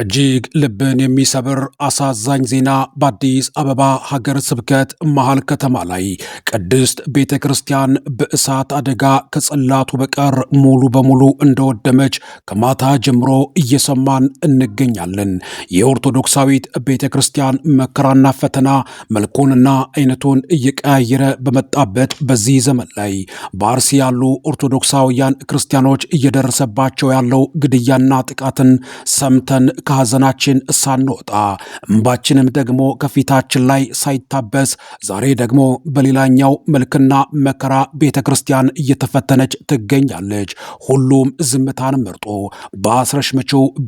እጅግ ልብን የሚሰብር አሳዛኝ ዜና በአዲስ አበባ ሀገር ስብከት መሃል ከተማ ላይ ቅድስት ቤተ ክርስቲያን በእሳት አደጋ ከጽላቱ በቀር ሙሉ በሙሉ እንደወደመች ከማታ ጀምሮ እየሰማን እንገኛለን። የኦርቶዶክሳዊት ቤተ ክርስቲያን መከራና ፈተና መልኩንና አይነቱን እየቀያየረ በመጣበት በዚህ ዘመን ላይ በአርሲ ያሉ ኦርቶዶክሳውያን ክርስቲያኖች እየደረሰባቸው ያለው ግድያና ጥቃትን ሰምተን ከሐዘናችን ሳንወጣ እምባችንም ደግሞ ከፊታችን ላይ ሳይታበስ ዛሬ ደግሞ በሌላኛው መልክና መከራ ቤተ ክርስቲያን እየተፈተነች ትገኛለች። ሁሉም ዝምታን መርጦ በአስረሽ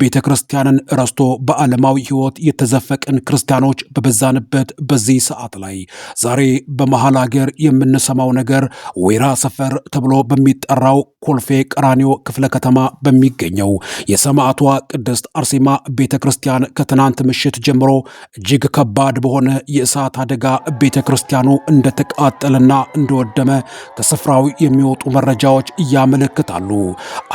ቤተ ክርስቲያንን ረስቶ በዓለማዊ ሕይወት የተዘፈቅን ክርስቲያኖች በበዛንበት በዚህ ሰዓት ላይ ዛሬ በመሃል አገር የምንሰማው ነገር ወይራ ሰፈር ተብሎ በሚጠራው ኮልፌ ቀራኒዮ ክፍለ ከተማ በሚገኘው የሰማዕቷ ቅድስት አርሴማ ቤተ ክርስቲያን ከትናንት ምሽት ጀምሮ እጅግ ከባድ በሆነ የእሳት አደጋ ቤተ ክርስቲያኑ እንደተቃጠለና እንደወደመ ከስፍራው የሚወጡ መረጃዎች ያመለክታሉ።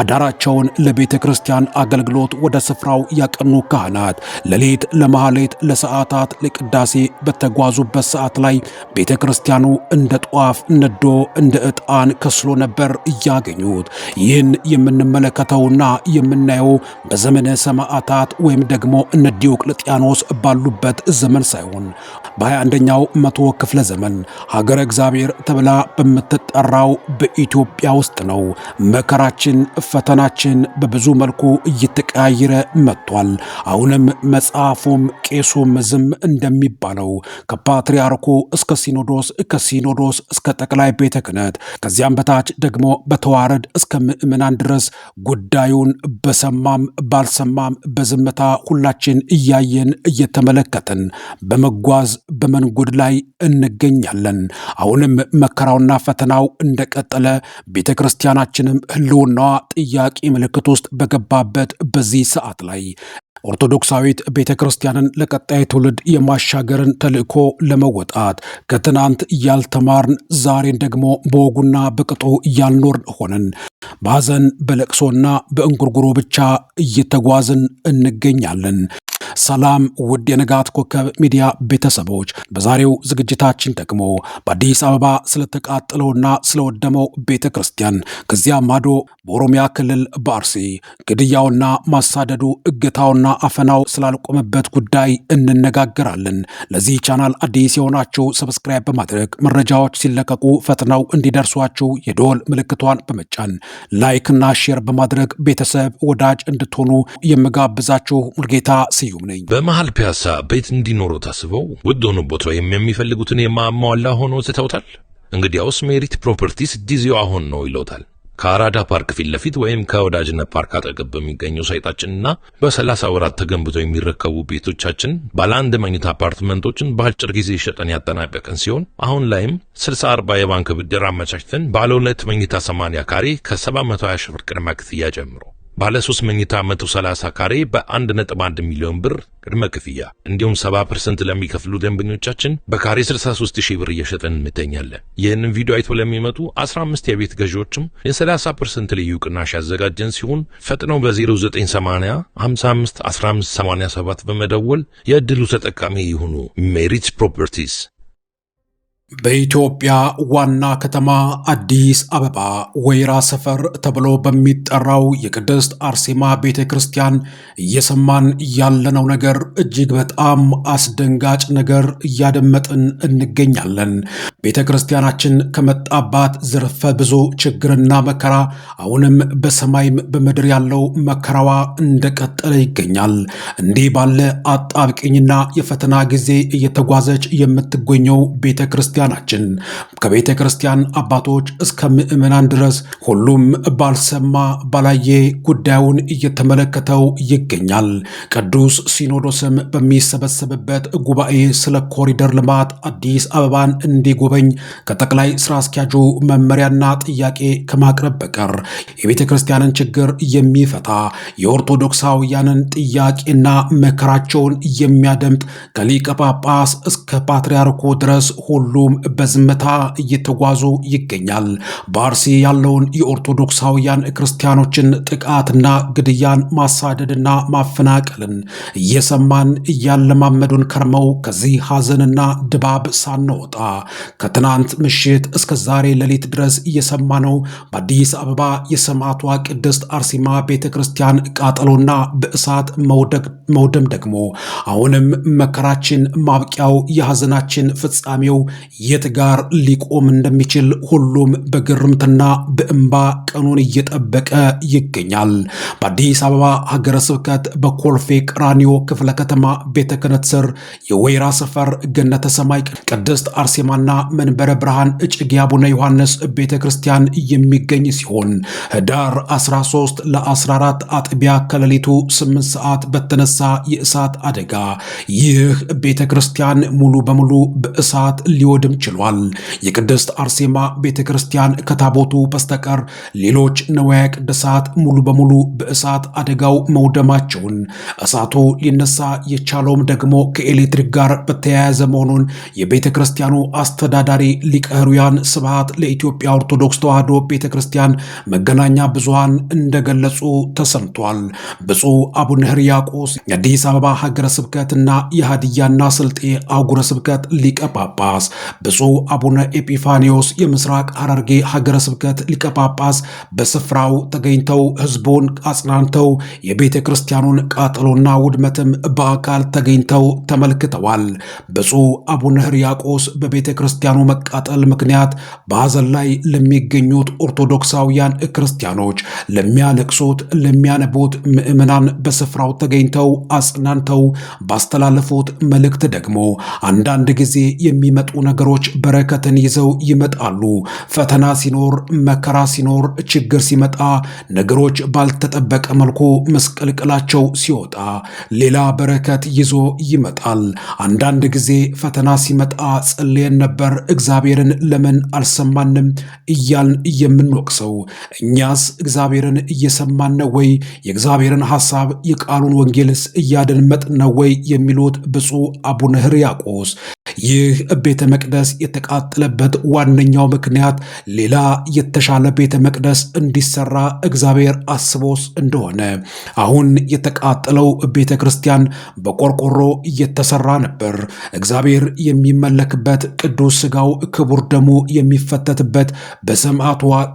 አዳራቸውን ለቤተ ክርስቲያን አገልግሎት ወደ ስፍራው ያቀኑ ካህናት ሌሊት ለመሐሌት ለሰዓታት ለቅዳሴ በተጓዙበት ሰዓት ላይ ቤተ ክርስቲያኑ እንደ ጧፍ ነዶ እንደ ዕጣን ከስሎ ነበር እያገኙት። ይህን የምንመለከተውና የምናየው በዘመነ ሰማዕታት ወይም ደግሞ እነ ዲዮቅልጥያኖስ ባሉበት ዘመን ሳይሆን በ21ኛው መቶ ክፍለ ዘመን ሀገረ እግዚአብሔር ተብላ በምትጠራው በኢትዮጵያ ውስጥ ነው መከራችን፣ ፈተናችን በብዙ መልኩ እየተቀያየረ መጥቷል። አሁንም መጽሐፉም ቄሱም ዝም እንደሚባለው ከፓትርያርኩ እስከ ሲኖዶስ፣ ከሲኖዶስ እስከ ጠቅላይ ቤተ ክህነት ከዚያም በታች ደግሞ በተዋረድ እስከ ምዕመናን ድረስ ጉዳዩን በሰማም ባልሰማም በዝም ሲመታ ሁላችን እያየን እየተመለከትን በመጓዝ በመንጎድ ላይ እንገኛለን። አሁንም መከራውና ፈተናው እንደቀጠለ ቤተ ክርስቲያናችንም ህልውናዋ ጥያቄ ምልክት ውስጥ በገባበት በዚህ ሰዓት ላይ ኦርቶዶክሳዊት ቤተ ክርስቲያንን ለቀጣይ ትውልድ የማሻገርን ተልእኮ ለመወጣት ከትናንት እያልተማርን ዛሬን ደግሞ በወጉና በቅጡ እያልኖርን ሆንን። በሐዘን በለቅሶና በእንጉርጉሮ ብቻ እየተጓዝን እንገኛለን። ሰላም ውድ የንጋት ኮከብ ሚዲያ ቤተሰቦች፣ በዛሬው ዝግጅታችን ደግሞ በአዲስ አበባ ስለተቃጠለውና ስለወደመው ቤተ ክርስቲያን ከዚያ ማዶ በኦሮሚያ ክልል በአርሲ ግድያውና ማሳደዱ እገታውና አፈናው ስላልቆመበት ጉዳይ እንነጋገራለን። ለዚህ ቻናል አዲስ የሆናችሁ ሰብስክራይብ በማድረግ መረጃዎች ሲለቀቁ ፈጥነው እንዲደርሷችሁ የደወል ምልክቷን በመጫን ላይክና ሼር በማድረግ ቤተሰብ ወዳጅ እንድትሆኑ የምጋብዛችሁ ሙልጌታ ስዩም ነኝ። በመሀል ፒያሳ ቤት እንዲኖረው ታስበው ውድ ሆኖቦት ወይም የሚፈልጉትን የማሟላ ሆኖ ትተውታል። እንግዲያውስ ሜሪት ፕሮፐርቲስ ጊዜው አሁን ነው ይለውታል። ከአራዳ ፓርክ ፊት ለፊት ወይም ከወዳጅነት ፓርክ አጠገብ በሚገኘው ሳይታችንና በሰላሳ ወራት ተገንብተው የሚረከቡ ቤቶቻችን ባለ አንድ መኝታ አፓርትመንቶችን በአጭር ጊዜ ሸጠን ያጠናቀቅን ሲሆን አሁን ላይም 64 የባንክ ብድር አመቻችተን ባለ ሁለት መኝታ 80 ካሬ ከ720 ሺህ ብር ቅድመ ክፍያ ጀምሮ ባለ 3 መኝታ 130 ካሬ በ1.1 ሚሊዮን ብር ቅድመ ክፍያ እንዲሁም 70% ለሚከፍሉ ደንበኞቻችን በካሬ 63000 ብር እየሸጠን እንተኛለን። ይህንን ቪዲዮ አይቶ ለሚመጡ 15 የቤት ገዢዎችም የ30% ልዩ ቅናሽ ያዘጋጀን ሲሆን ፈጥነው በ0980 55 1587 በመደወል የእድሉ ተጠቃሚ ይሁኑ። ሜሪት ፕሮፐርቲስ በኢትዮጵያ ዋና ከተማ አዲስ አበባ ወይራ ሰፈር ተብሎ በሚጠራው የቅድስት አርሴማ ቤተ ክርስቲያን እየሰማን ያለነው ነገር እጅግ በጣም አስደንጋጭ ነገር እያደመጥን እንገኛለን። ቤተ ክርስቲያናችን ከመጣባት ዘርፈ ብዙ ችግርና መከራ አሁንም በሰማይም በምድር ያለው መከራዋ እንደቀጠለ ይገኛል። እንዲህ ባለ አጣብቂኝና የፈተና ጊዜ እየተጓዘች የምትገኘው ቤተ ክርስቲያን ክርስቲያናችን ከቤተ ክርስቲያን አባቶች እስከ ምዕመናን ድረስ ሁሉም ባልሰማ ባላየ ጉዳዩን እየተመለከተው ይገኛል። ቅዱስ ሲኖዶስም በሚሰበሰብበት ጉባኤ ስለ ኮሪደር ልማት አዲስ አበባን እንዲጎበኝ ከጠቅላይ ስራ አስኪያጁ መመሪያና ጥያቄ ከማቅረብ በቀር የቤተ ክርስቲያንን ችግር የሚፈታ የኦርቶዶክሳውያንን ጥያቄና መከራቸውን የሚያደምጥ ከሊቀ ጳጳስ እስከ ፓትርያርኩ ድረስ ሁሉ ህዝቡም በዝምታ እየተጓዙ ይገኛል። በአርሲ ያለውን የኦርቶዶክሳውያን ክርስቲያኖችን ጥቃትና ግድያን ማሳደድና ማፈናቀልን እየሰማን እያለማመዱን ከርመው ከዚህ ሐዘንና ድባብ ሳንወጣ ከትናንት ምሽት እስከ ዛሬ ሌሊት ድረስ እየሰማነው በአዲስ አበባ የሰማዕቷ ቅድስት አርሲማ ቤተ ክርስቲያን ቃጠሎና በእሳት መውደም ደግሞ አሁንም መከራችን ማብቂያው የሐዘናችን ፍጻሜው የት ጋር ሊቆም እንደሚችል ሁሉም በግርምትና በእምባ ቀኑን እየጠበቀ ይገኛል። በአዲስ አበባ ሀገረ ስብከት በኮልፌ ቀራኒዮ ክፍለ ከተማ ቤተ ክህነት ስር የወይራ ሰፈር ገነተ ሰማይ ቅድስት አርሴማና መንበረ ብርሃን እጭጌ አቡነ ዮሐንስ ቤተ ክርስቲያን የሚገኝ ሲሆን ህዳር 13 ለ14 አጥቢያ ከሌሊቱ 8 ሰዓት በተነሳ የእሳት አደጋ ይህ ቤተ ክርስቲያን ሙሉ በሙሉ በእሳት ሊወድ ማድረግም ችሏል። የቅድስት አርሴማ ቤተ ክርስቲያን ከታቦቱ በስተቀር ሌሎች ነዋያ ቅድሳት ሙሉ በሙሉ በእሳት አደጋው መውደማቸውን እሳቱ ሊነሳ የቻለውም ደግሞ ከኤሌክትሪክ ጋር በተያያዘ መሆኑን የቤተ ክርስቲያኑ አስተዳዳሪ ሊቀ ሕሩያን ስብሐት ለኢትዮጵያ ኦርቶዶክስ ተዋሕዶ ቤተ ክርስቲያን መገናኛ ብዙሃን እንደገለጹ ተሰምቷል። ብፁዕ አቡነ ሕርያቆስ የአዲስ አበባ ሀገረ ስብከትና የሃዲያና ስልጤ አህጉረ ስብከት ሊቀ ጳጳስ ብፁዕ አቡነ ኤጲፋኒዮስ የምስራቅ ሐረርጌ ሀገረ ስብከት ሊቀ ጳጳስ በስፍራው ተገኝተው ሕዝቡን አጽናንተው የቤተ ክርስቲያኑን ቃጠሎና ውድመትም በአካል ተገኝተው ተመልክተዋል። ብፁዕ አቡነ ሕርያቆስ በቤተ ክርስቲያኑ መቃጠል ምክንያት በሐዘን ላይ ለሚገኙት ኦርቶዶክሳውያን ክርስቲያኖች ለሚያለቅሱት፣ ለሚያነቡት ምዕመናን በስፍራው ተገኝተው አጽናንተው ባስተላለፉት መልእክት ደግሞ አንዳንድ ጊዜ የሚመጡ ነገ ነገሮች በረከትን ይዘው ይመጣሉ። ፈተና ሲኖር፣ መከራ ሲኖር፣ ችግር ሲመጣ ነገሮች ባልተጠበቀ መልኩ መስቀልቅላቸው ሲወጣ ሌላ በረከት ይዞ ይመጣል። አንዳንድ ጊዜ ፈተና ሲመጣ ጸልየን ነበር እግዚአብሔርን ለምን አልሰማንም እያልን የምንወቅሰው እኛስ እግዚአብሔርን እየሰማን ነው ወይ? የእግዚአብሔርን ሐሳብ የቃሉን ወንጌልስ እያደመጥን ነው ወይ? የሚሉት ብፁዕ አቡነ ሕርያቆስ ይህ ቤተ መቅደስ የተቃጠለበት ዋነኛው ምክንያት ሌላ የተሻለ ቤተ መቅደስ እንዲሰራ እግዚአብሔር አስቦስ እንደሆነ አሁን የተቃጠለው ቤተ ክርስቲያን በቆርቆሮ እየተሰራ ነበር። እግዚአብሔር የሚመለክበት ቅዱስ ሥጋው ክቡር ደሙ የሚፈተትበት በሰማዕቷ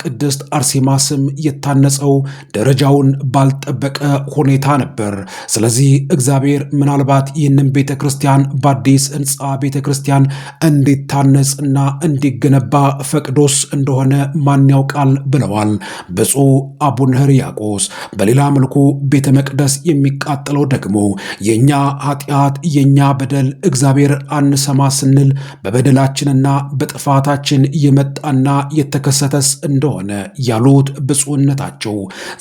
ቅድስት አርሴማ ስም የታነጸው ደረጃውን ባልጠበቀ ሁኔታ ነበር። ስለዚህ እግዚአብሔር ምናልባት ይህንን ቤተ ክርስቲያን በአዲስ ሕንፃ ቤተ ክርስቲያን ክርስቲያን እንዲታነጽና እንዲገነባ ፈቅዶስ እንደሆነ ማን ያውቃል ብለዋል ብፁዕ አቡነ ሕርያቆስ። በሌላ መልኩ ቤተ መቅደስ የሚቃጠለው ደግሞ የእኛ ኃጢአት፣ የእኛ በደል እግዚአብሔር አንሰማ ስንል በበደላችንና በጥፋታችን የመጣና የተከሰተስ እንደሆነ ያሉት ብፁዕነታቸው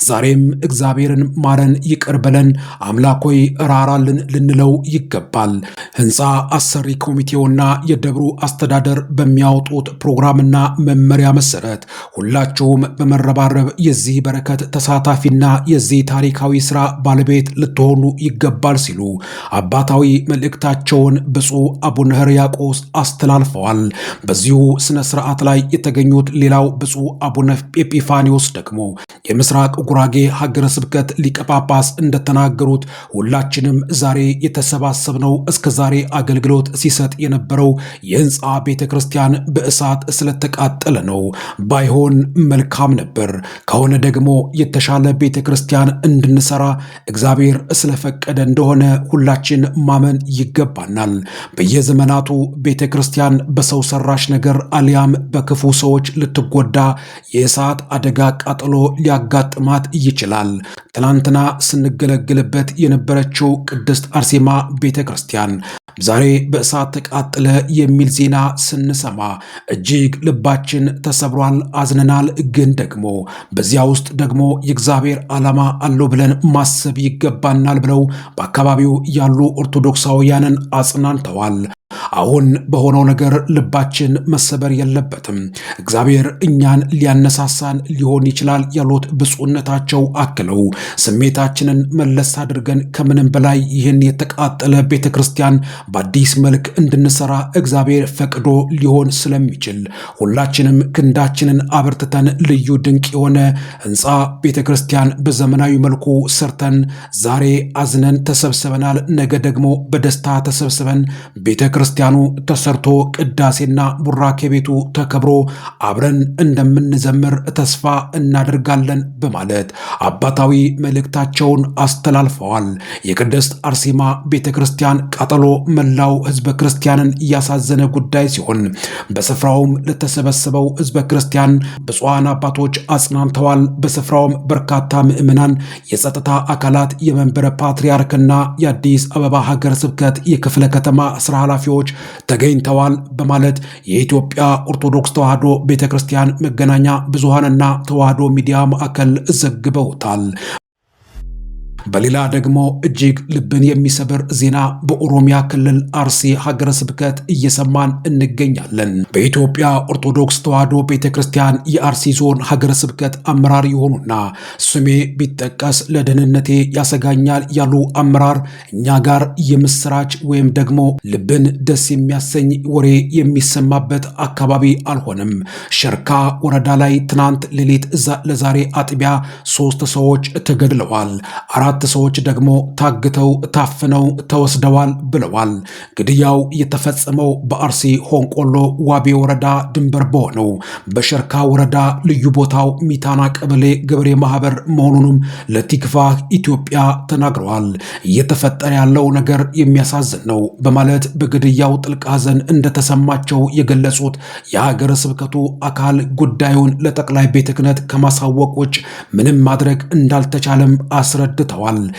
ዛሬም እግዚአብሔርን ማረን ይቅር በለን አምላኮይ ራራልን ልንለው ይገባል። ህንፃ አሰሪ ኮሚቴው ቢሮና የደብሩ አስተዳደር በሚያወጡት ፕሮግራምና መመሪያ መሰረት ሁላችሁም በመረባረብ የዚህ በረከት ተሳታፊና የዚህ ታሪካዊ ስራ ባለቤት ልትሆኑ ይገባል ሲሉ አባታዊ መልእክታቸውን ብፁዕ አቡነ ሕርያቆስ አስተላልፈዋል። በዚሁ ስነ ስርዓት ላይ የተገኙት ሌላው ብፁዕ አቡነ ኤጲፋኒዎስ ደግሞ የምስራቅ ጉራጌ ሀገረ ስብከት ሊቀ ጳጳስ እንደተናገሩት ሁላችንም ዛሬ የተሰባሰብነው እስከ ዛሬ አገልግሎት ሲሰጥ የነበረው የህንፃ ቤተ ክርስቲያን በእሳት ስለተቃጠለ ነው። ባይሆን መልካም ነበር። ከሆነ ደግሞ የተሻለ ቤተ ክርስቲያን እንድንሰራ እግዚአብሔር ስለፈቀደ እንደሆነ ሁላችን ማመን ይገባናል። በየዘመናቱ ቤተ ክርስቲያን በሰው ሰራሽ ነገር አሊያም በክፉ ሰዎች ልትጎዳ፣ የእሳት አደጋ ቃጠሎ ሊያጋጥማት ይችላል። ትናንትና ስንገለግልበት የነበረችው ቅድስት አርሴማ ቤተ ክርስቲያን ዛሬ በእሳት ተቃጥለ የሚል ዜና ስንሰማ እጅግ ልባችን ተሰብሯል፣ አዝነናል። ግን ደግሞ በዚያ ውስጥ ደግሞ የእግዚአብሔር ዓላማ አለው ብለን ማሰብ ይገባናል ብለው በአካባቢው ያሉ ኦርቶዶክሳውያንን አጽናንተዋል። አሁን በሆነው ነገር ልባችን መሰበር የለበትም። እግዚአብሔር እኛን ሊያነሳሳን ሊሆን ይችላል ያሉት ብፁዕነታቸው አክለው ስሜታችንን መለስ አድርገን ከምንም በላይ ይህን የተቃጠለ ቤተ ክርስቲያን በአዲስ መልክ እንድንሰራ እግዚአብሔር ፈቅዶ ሊሆን ስለሚችል ሁላችንም ክንዳችንን አበርትተን ልዩ ድንቅ የሆነ ህንፃ ቤተ ክርስቲያን በዘመናዊ መልኩ ሰርተን ዛሬ አዝነን ተሰብስበናል፣ ነገ ደግሞ በደስታ ተሰብስበን ቤተ ክርስቲያን ክርስቲያኑ ተሰርቶ ቅዳሴና ቡራኬ ቤቱ ተከብሮ አብረን እንደምንዘምር ተስፋ እናደርጋለን በማለት አባታዊ መልእክታቸውን አስተላልፈዋል። የቅድስት አርሴማ ቤተ ክርስቲያን ቃጠሎ መላው ህዝበ ክርስቲያንን እያሳዘነ ጉዳይ ሲሆን በስፍራውም ለተሰበሰበው ህዝበ ክርስቲያን ብፁዓን አባቶች አጽናንተዋል። በስፍራውም በርካታ ምዕመናን፣ የጸጥታ አካላት፣ የመንበረ ፓትርያርክና የአዲስ አበባ ሀገረ ስብከት የክፍለ ከተማ ስራ ኃላፊዎች ሰዎች ተገኝተዋል በማለት የኢትዮጵያ ኦርቶዶክስ ተዋሕዶ ቤተ ክርስቲያን መገናኛ ብዙሃንና ተዋህዶ ሚዲያ ማዕከል ዘግበውታል። በሌላ ደግሞ እጅግ ልብን የሚሰብር ዜና በኦሮሚያ ክልል አርሲ ሀገረ ስብከት እየሰማን እንገኛለን። በኢትዮጵያ ኦርቶዶክስ ተዋሕዶ ቤተ ክርስቲያን የአርሲ ዞን ሀገረ ስብከት አመራር የሆኑና ስሜ ቢጠቀስ ለደህንነቴ ያሰጋኛል ያሉ አመራር እኛ ጋር የምስራች ወይም ደግሞ ልብን ደስ የሚያሰኝ ወሬ የሚሰማበት አካባቢ አልሆንም። ሸርካ ወረዳ ላይ ትናንት ሌሊት ለዛሬ አጥቢያ ሶስት ሰዎች ተገድለዋል። አራት አራት ሰዎች ደግሞ ታግተው ታፍነው ተወስደዋል ብለዋል። ግድያው የተፈጸመው በአርሲ ሆንቆሎ ዋቤ ወረዳ ድንበር በሆነው በሸርካ ወረዳ ልዩ ቦታው ሚታና ቀበሌ ገበሬ ማህበር መሆኑንም ለቲክቫህ ኢትዮጵያ ተናግረዋል። እየተፈጠረ ያለው ነገር የሚያሳዝን ነው በማለት በግድያው ጥልቅ ሐዘን እንደተሰማቸው የገለጹት የሀገረ ስብከቱ አካል ጉዳዩን ለጠቅላይ ቤተ ክህነት ከማሳወቅ ውጭ ምንም ማድረግ እንዳልተቻለም አስረድተዋል። وال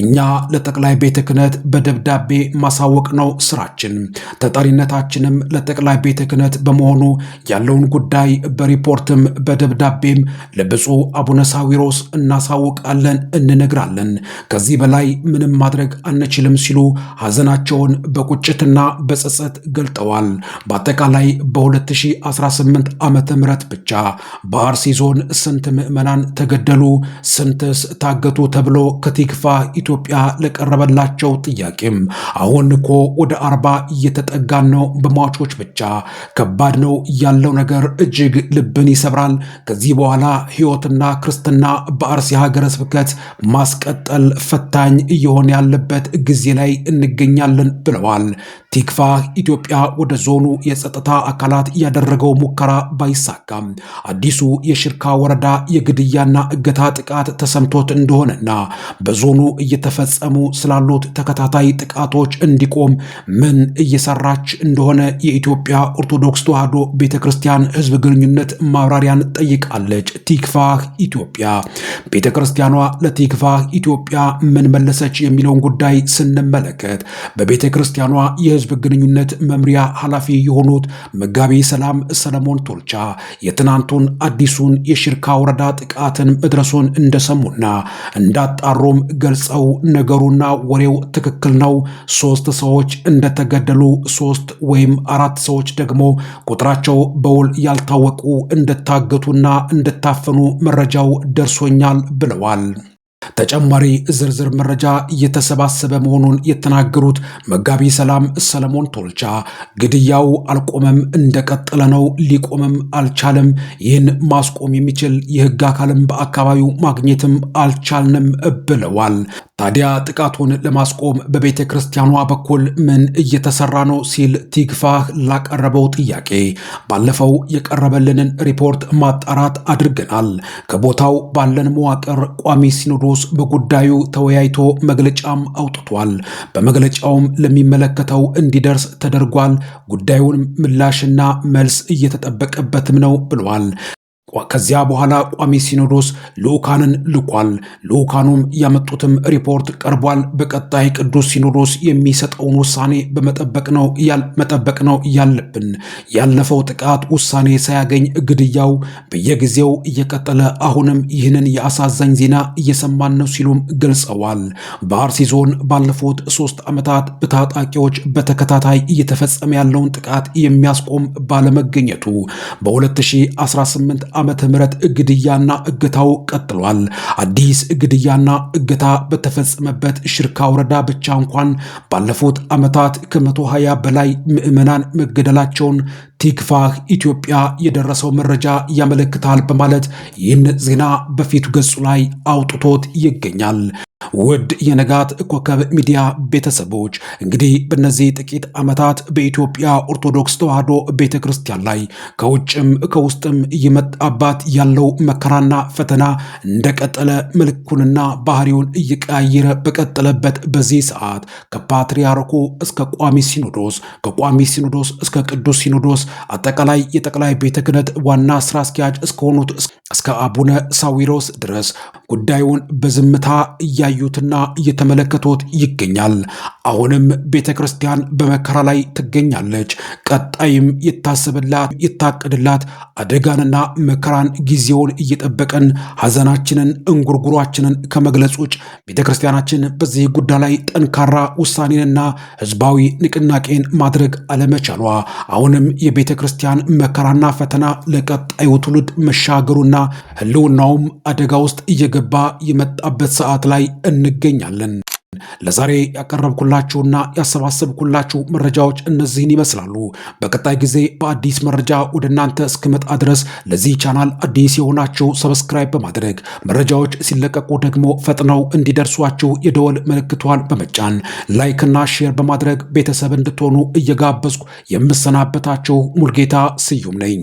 እኛ ለጠቅላይ ቤተ ክህነት በደብዳቤ ማሳወቅ ነው ስራችን። ተጠሪነታችንም ለጠቅላይ ቤተ ክህነት በመሆኑ ያለውን ጉዳይ በሪፖርትም በደብዳቤም ለብፁዕ አቡነ ሳዊሮስ እናሳውቃለን፣ እንነግራለን። ከዚህ በላይ ምንም ማድረግ አንችልም ሲሉ ሐዘናቸውን በቁጭትና በጸጸት ገልጠዋል። በአጠቃላይ በ2018 ዓ ም ብቻ በአርሲ ዞን ስንት ምዕመናን ተገደሉ፣ ስንትስ ታገቱ ተብሎ ከቲክፋ ኢትዮጵያ ለቀረበላቸው ጥያቄም አሁን እኮ ወደ አርባ እየተጠጋን ነው በሟቾች ብቻ ከባድ ነው ያለው ነገር እጅግ ልብን ይሰብራል። ከዚህ በኋላ ሕይወትና ክርስትና በአርሲ ሀገረ ስብከት ማስቀጠል ፈታኝ እየሆነ ያለበት ጊዜ ላይ እንገኛለን ብለዋል። ቲክፋ ኢትዮጵያ ወደ ዞኑ የጸጥታ አካላት ያደረገው ሙከራ ባይሳካም አዲሱ የሽርካ ወረዳ የግድያና እገታ ጥቃት ተሰምቶት እንደሆነና በዞኑ እየተፈጸሙ ስላሉት ተከታታይ ጥቃቶች እንዲቆም ምን እየሰራች እንደሆነ የኢትዮጵያ ኦርቶዶክስ ተዋሕዶ ቤተ ክርስቲያን ሕዝብ ግንኙነት ማብራሪያን ጠይቃለች። ቲክቫ ኢትዮጵያ ቤተ ክርስቲያኗ ለቲክቫ ኢትዮጵያ ምን መለሰች የሚለውን ጉዳይ ስንመለከት በቤተ ክርስቲያኗ የሕዝብ የህዝብ ግንኙነት መምሪያ ኃላፊ የሆኑት መጋቢ ሰላም ሰለሞን ቶልቻ የትናንቱን አዲሱን የሽርካ ወረዳ ጥቃትን መድረሱን እንደሰሙና እንዳጣሩም ገልጸው ነገሩና ወሬው ትክክል ነው፣ ሶስት ሰዎች እንደተገደሉ፣ ሶስት ወይም አራት ሰዎች ደግሞ ቁጥራቸው በውል ያልታወቁ እንደታገቱና እንደታፈኑ መረጃው ደርሶኛል ብለዋል። ተጨማሪ ዝርዝር መረጃ እየተሰባሰበ መሆኑን የተናገሩት መጋቢ ሰላም ሰለሞን ቶልቻ ግድያው አልቆመም፣ እንደቀጠለ ነው፣ ሊቆምም አልቻለም። ይህን ማስቆም የሚችል የህግ አካልም በአካባቢው ማግኘትም አልቻልንም ብለዋል። ታዲያ ጥቃቱን ለማስቆም በቤተ ክርስቲያኗ በኩል ምን እየተሰራ ነው ሲል ቲግፋህ ላቀረበው ጥያቄ ባለፈው የቀረበልንን ሪፖርት ማጣራት አድርገናል። ከቦታው ባለን መዋቅር ቋሚ ሲኖዶስ በጉዳዩ ተወያይቶ መግለጫም አውጥቷል። በመግለጫውም ለሚመለከተው እንዲደርስ ተደርጓል። ጉዳዩን ምላሽና መልስ እየተጠበቀበትም ነው ብሏል። ከዚያ በኋላ ቋሚ ሲኖዶስ ልዑካንን ልኳል። ልዑካኑም ያመጡትም ሪፖርት ቀርቧል። በቀጣይ ቅዱስ ሲኖዶስ የሚሰጠውን ውሳኔ በመጠበቅ ነው መጠበቅ ነው ያለብን። ያለፈው ጥቃት ውሳኔ ሳያገኝ ግድያው በየጊዜው እየቀጠለ አሁንም ይህንን የአሳዛኝ ዜና እየሰማን ነው ሲሉም ገልጸዋል። በአርሲ ዞን ባለፉት ሶስት ዓመታት በታጣቂዎች በተከታታይ እየተፈጸመ ያለውን ጥቃት የሚያስቆም ባለመገኘቱ በ2018 ዓመተ ምህረት እግድያና እገታው ቀጥሏል። አዲስ እግድያና እገታ በተፈጸመበት ሽርካ ወረዳ ብቻ እንኳን ባለፉት ዓመታት ከ120 በላይ ምዕመናን መገደላቸውን ቲክፋህ ኢትዮጵያ የደረሰው መረጃ ያመለክታል በማለት ይህን ዜና በፊቱ ገጹ ላይ አውጥቶት ይገኛል። ውድ የንጋት ኮከብ ሚዲያ ቤተሰቦች እንግዲህ በነዚህ ጥቂት ዓመታት በኢትዮጵያ ኦርቶዶክስ ተዋሕዶ ቤተ ክርስቲያን ላይ ከውጭም ከውስጥም እየመጣባት ያለው መከራና ፈተና እንደቀጠለ መልኩንና ባህሪውን እየቀያየረ በቀጠለበት በዚህ ሰዓት ከፓትርያርኩ እስከ ቋሚ ሲኖዶስ፣ ከቋሚ ሲኖዶስ እስከ ቅዱስ ሲኖዶስ አጠቃላይ የጠቅላይ ቤተ ክህነት ዋና ስራ አስኪያጅ እስከሆኑት እስከ አቡነ ሳዊሮስ ድረስ ጉዳዩን በዝምታ እያ እያዩትና እየተመለከቱት ይገኛል። አሁንም ቤተ ክርስቲያን በመከራ ላይ ትገኛለች። ቀጣይም የታሰበላት የታቀደላት አደጋንና መከራን ጊዜውን እየጠበቀን ሐዘናችንን እንጉርጉሯችንን ከመግለጽ ውጭ ቤተ ክርስቲያናችን በዚህ ጉዳይ ላይ ጠንካራ ውሳኔንና ሕዝባዊ ንቅናቄን ማድረግ አለመቻሏ አሁንም የቤተ ክርስቲያን መከራና ፈተና ለቀጣዩ ትውልድ መሻገሩና ሕልውናውም አደጋ ውስጥ እየገባ የመጣበት ሰዓት ላይ እንገኛለን። ለዛሬ ያቀረብኩላችሁና ያሰባሰብኩላችሁ መረጃዎች እነዚህን ይመስላሉ። በቀጣይ ጊዜ በአዲስ መረጃ ወደ እናንተ እስክመጣ ድረስ ለዚህ ቻናል አዲስ የሆናችሁ ሰብስክራይብ በማድረግ መረጃዎች ሲለቀቁ ደግሞ ፈጥነው እንዲደርሷችሁ የደወል ምልክቷን በመጫን ላይክና ሼር በማድረግ ቤተሰብ እንድትሆኑ እየጋበዝኩ የምሰናበታችሁ ሙልጌታ ስዩም ነኝ።